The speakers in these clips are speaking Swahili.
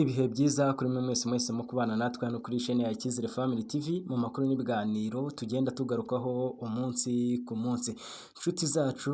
Ibihe byiza kuri mwe mwese mu kubana natwe hano kuri chaine ya Icyizere Family TV mu makuru n'ibiganiro tugenda tugarukaho umunsi ku munsi. Inshuti zacu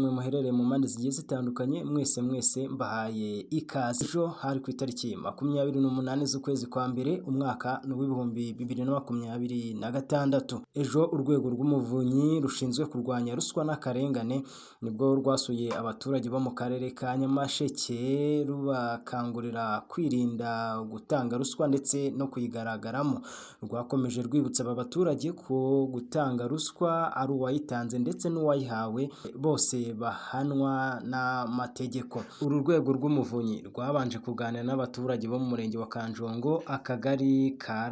mwe muherereye mu mpande zigiye zitandukanye mwese mwese mbahaye ikaze. Ejo hari ku itariki makumyabiri n'umunani z'ukwezi kwa mbere umwaka w'ibihumbi bibiri na makumyabiri na gatandatu. Ejo urwego rw'umuvunyi rushinzwe kurwanya ruswa n'akarengane nibwo rwasuye abaturage bo mu karere ka Nyamasheke rubakangurira kwirinda kwirinda gutanga ruswa ndetse no kuyigaragaramo rwakomeje rwibutsa aba baturage ko gutanga ruswa ari uwayitanze ndetse n'uwayihawe bose bahanwa n'amategeko uru rwego rw'umuvunyi rwabanje kuganira n'abaturage bo mu murenge wa Kanjongo akagari ka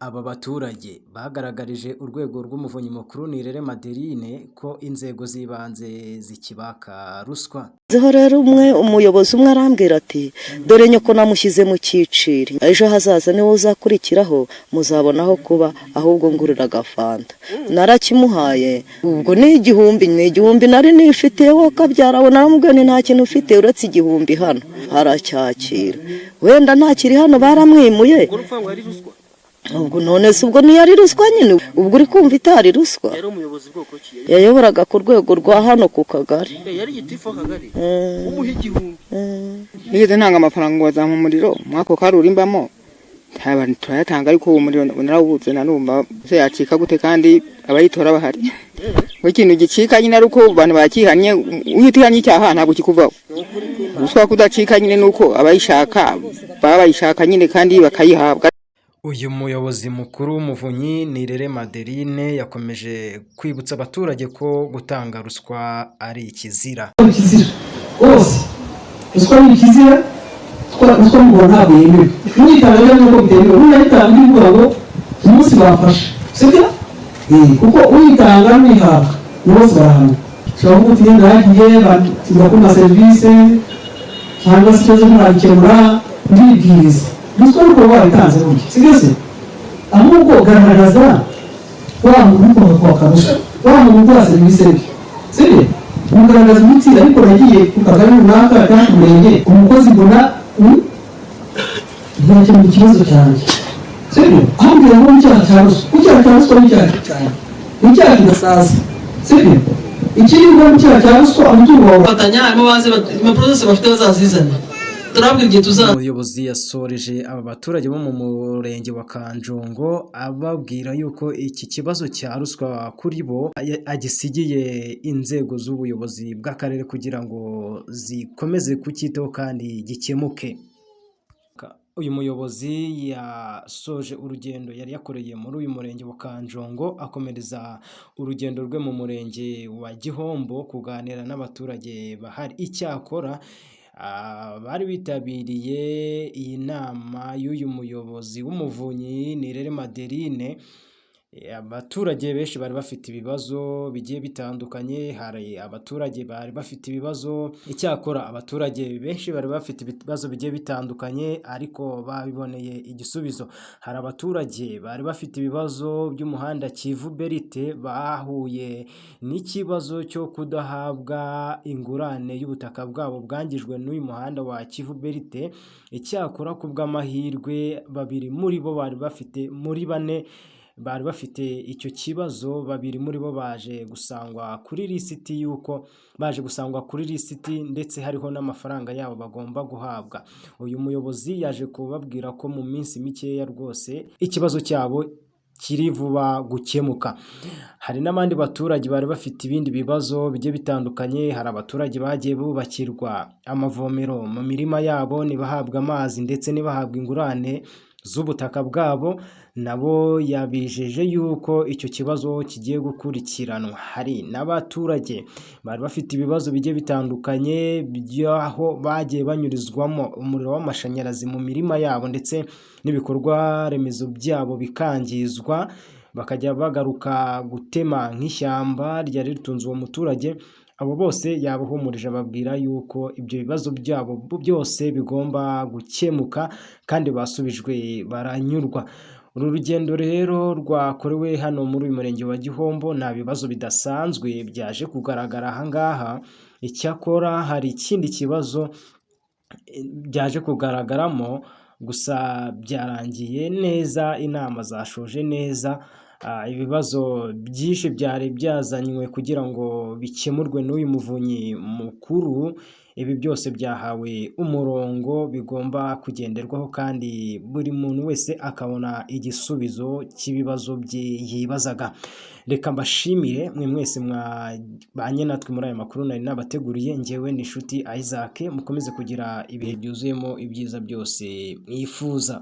aba baturage bagaragarije urwego rw'umuvunyi mukuru Nirere Madeline ko inzego z'ibanze zikibaka ruswa. zeho rero umwe umuyobozi umwe arambwira ati dore nyoko namushyize mu cyiciro ejo hazaza niwe uzakurikiraho muzabona aho kuba ahubwo ngurira agafanta narakimuhaye ubwo ni igihumbi ni igihumbi nari nifitiye wowe ukabyara naramubwiye ni nta kintu ufite uretse igihumbi hano haracyakira wenda ntakiri hano baramwimuye ubwo none se ubwo ntiyari ruswa nyine ubwo uri kumva itari ruswa yayoboraga ku rwego rwa hano ku kagari eh, eh. eh. nigeze ntanga amafaranga ngo bazamuha umuriro mwako karuri mbamo turayatanga ariko uwo muriro narawubutse nanumva se yacika gute kandi abayitora bahari ikintu gicika nyine ari uko abantu bakihanye iyo utihanye icyaha ntabwo kikuvaho ruswa kudacika nyine ni uko abayishaka baba bayishaka nyine kandi bakayihabwa Uyu muyobozi mukuru w'Umuvunyi Nirere Madeline yakomeje kwibutsa abaturage ko gutanga ruswa ari ikizira. Rwose ruswa ni ikizira, ruswa mu Rwanda ntabwo yemewe. Mwitanga rero nuko bitemewe, mwitanga ndi kuvuga ngo umunsi bafashe. Sibyo? Eh, kuko uyitanga n'ihaka, bose barahana. Ushobora kuvuga uti ndagiye bakunda serivisi cyangwa se ikibazo nturakemura ndibwiriza. musolukowaekanze mungi sigese amuku ogaragaza wamuntu kwakabusha wamuntu aserivisi ebi sibye mugaragaza umuti ariko nagiye ku kagari cha kandi umurenge umukozi mbona ntakemuye ikibazo cyanjye sibyo ambwira ngo icyaha cya ruswa icyaha cya cha ni icyaha cyanjye ni icyaha kidasaza sibyo ikiri ngombwa icyaha wa ruswa umutungo wawe batanya harimo bazi impapuro zose bafite bazazizana turababwira igihe umuyobozi yasoreje aba baturage bo mu murenge wa kanjongo ababwira yuko iki kibazo cya ruswa kuri bo agisigiye inzego z'ubuyobozi bw'akarere kugira ngo zikomeze kucyitaho kandi gikemuke uyu muyobozi yasoje urugendo yari yakoreye muri uyu murenge wa kanjongo akomereza urugendo rwe mu murenge wa gihombo kuganira n'abaturage bahari icyakora Bari bitabiriye iyi nama y'uyu muyobozi w'Umuvunyi Nirere Madeline abaturage benshi bari bafite ibibazo bigiye bitandukanye hari abaturage bari bafite ibibazo icyakora abaturage benshi bari bafite ibibazo bigiye bitandukanye ariko babiboneye igisubizo hari abaturage bari bafite ibibazo by'umuhanda Kivu Berite bahuye n'ikibazo cyo kudahabwa ingurane y'ubutaka bwabo bwangijwe n'uyu muhanda wa Kivu Berite icyakora ku bw'amahirwe babiri muri bo bari bafite muri bane bari bafite icyo kibazo babiri muri bo baje gusangwa kuri lisiti y'uko baje gusangwa kuri lisiti ndetse hariho n'amafaranga yabo bagomba guhabwa uyu muyobozi yaje kubabwira ko mu minsi mikeya rwose ikibazo cyabo kiri vuba gukemuka hari n'abandi baturage bari bafite ibindi bibazo bigiye bitandukanye hari abaturage bagiye bubakirwa amavomero mu mirima yabo ntibahabwe amazi ndetse ntibahabwe ingurane z'ubutaka bwabo nabo yabijeje yuko icyo kibazo kigiye gukurikiranwa, hari n'abaturage bari bafite ibibazo bigiye bitandukanye by'aho bagiye banyurizwamo umuriro w'amashanyarazi mu mirima yabo ndetse n'ibikorwa remezo byabo bikangizwa, bakajya bagaruka gutema nk'ishyamba ryari ritunze uwo muturage, abo bose yabahumurije ababwira yuko ibyo bibazo byabo byose bigomba gukemuka kandi basubijwe baranyurwa. Uru rugendo rero rwakorewe hano muri uyu murenge wa Gihombo nta bibazo bidasanzwe byaje kugaragara aha ngaha, icyakora hari ikindi kibazo eh, byaje kugaragaramo gusa byarangiye neza, inama zashoje neza, ah, ibibazo byinshi byari byazanywe kugira ngo bikemurwe n'uyu muvunyi mukuru. Ibi byose byahawe umurongo bigomba kugenderwaho kandi buri muntu wese akabona igisubizo cy'ibibazo bye yibazaga. Reka mbashimire mwe mwese mwabanye natwe muri aya makuru nari nabateguriye, njyewe ni Isaac, mukomeze kugira ibihe byuzuyemo ibyiza byose mwifuza.